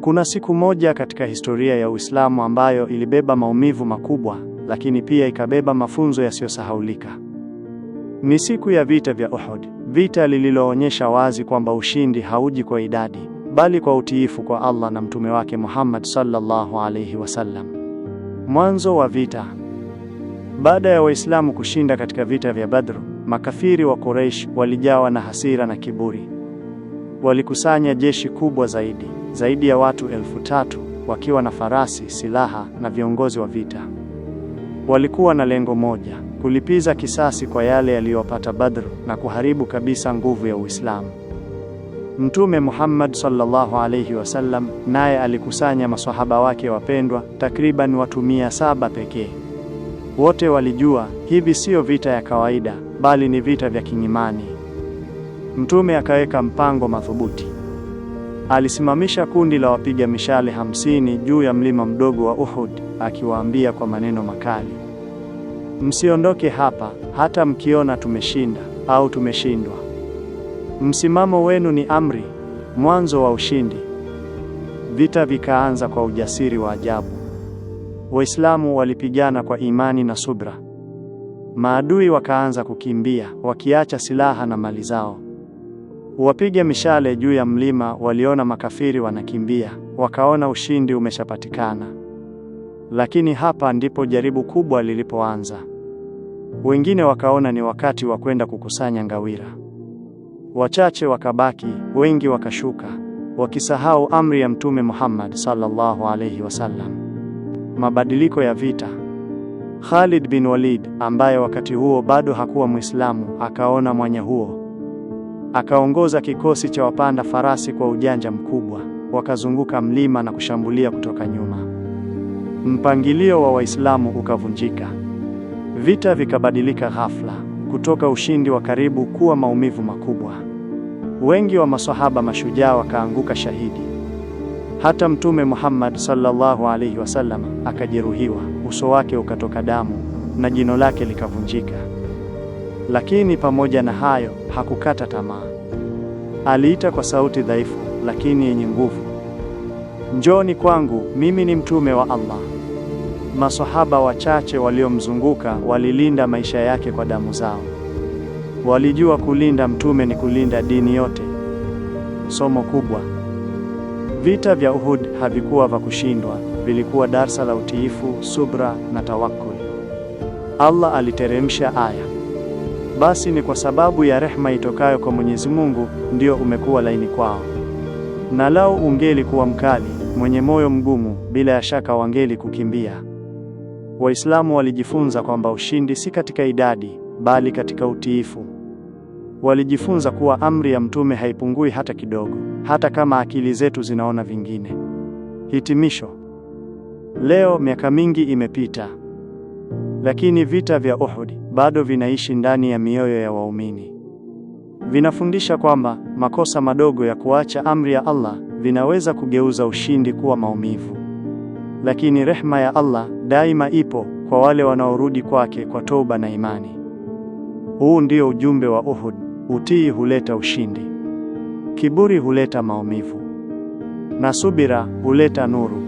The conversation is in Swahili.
Kuna siku moja katika historia ya Uislamu ambayo ilibeba maumivu makubwa, lakini pia ikabeba mafunzo yasiyosahaulika. Ni siku ya vita vya Uhud, vita lililoonyesha wazi kwamba ushindi hauji kwa idadi, bali kwa utiifu kwa Allah na mtume wake Muhammad sallallahu alaihi wasallam. Mwanzo wa vita. Baada ya Waislamu kushinda katika vita vya Badr, makafiri wa Quraysh walijawa na hasira na kiburi. Walikusanya jeshi kubwa zaidi zaidi ya watu elfu tatu wakiwa na farasi, silaha na viongozi wa vita. Walikuwa na lengo moja, kulipiza kisasi kwa yale yaliyopata Badr na kuharibu kabisa nguvu ya Uislamu. Mtume Muhammad sallallahu alayhi wasallam naye alikusanya maswahaba wake wapendwa, takriban watu mia saba pekee. Wote walijua hivi siyo vita ya kawaida, bali ni vita vya kinyimani. Mtume akaweka mpango madhubuti. Alisimamisha kundi la wapiga mishale hamsini juu ya mlima mdogo wa Uhud, akiwaambia kwa maneno makali, msiondoke hapa hata mkiona tumeshinda au tumeshindwa. Msimamo wenu ni amri, mwanzo wa ushindi. Vita vikaanza kwa ujasiri wa ajabu. Waislamu walipigana kwa imani na subra. Maadui wakaanza kukimbia, wakiacha silaha na mali zao. Uwapige mishale juu ya mlima, waliona makafiri wanakimbia, wakaona ushindi umeshapatikana. Lakini hapa ndipo jaribu kubwa lilipoanza. Wengine wakaona ni wakati wa kwenda kukusanya ngawira. Wachache wakabaki, wengi wakashuka, wakisahau amri ya Mtume Muhammad sallallahu alaihi wasallam. Mabadiliko ya vita. Khalid bin Walid ambaye wakati huo bado hakuwa Mwislamu, akaona mwanya huo Akaongoza kikosi cha wapanda farasi kwa ujanja mkubwa, wakazunguka mlima na kushambulia kutoka nyuma. Mpangilio wa Waislamu ukavunjika. Vita vikabadilika ghafla kutoka ushindi wa karibu kuwa maumivu makubwa. Wengi wa masahaba mashujaa wakaanguka shahidi. Hata Mtume Muhammad sallallahu alaihi wasallam akajeruhiwa, uso wake ukatoka damu na jino lake likavunjika. Lakini pamoja na hayo, hakukata tamaa. Aliita kwa sauti dhaifu lakini yenye nguvu, Njoni kwangu, mimi ni mtume wa Allah. Masahaba wachache waliomzunguka walilinda maisha yake kwa damu zao. Walijua kulinda mtume ni kulinda dini yote. Somo kubwa. Vita vya Uhud havikuwa vya kushindwa, vilikuwa darsa la utiifu, subra na tawakkul. Allah aliteremsha aya basi ni kwa sababu ya rehma itokayo kwa Mwenyezi Mungu ndio umekuwa laini kwao. Na lau ungeli kuwa mkali, mwenye moyo mgumu, bila ya shaka wangeli kukimbia. Waislamu walijifunza kwamba ushindi si katika idadi, bali katika utiifu. Walijifunza kuwa amri ya Mtume haipungui hata kidogo, hata kama akili zetu zinaona vingine. Hitimisho. Leo miaka mingi imepita. Lakini vita vya Uhud bado vinaishi ndani ya mioyo ya waumini. Vinafundisha kwamba makosa madogo ya kuacha amri ya Allah vinaweza kugeuza ushindi kuwa maumivu, lakini rehma ya Allah daima ipo kwa wale wanaorudi kwake kwa toba na imani. Huu ndio ujumbe wa Uhud: utii huleta ushindi, kiburi huleta maumivu, na subira huleta nuru.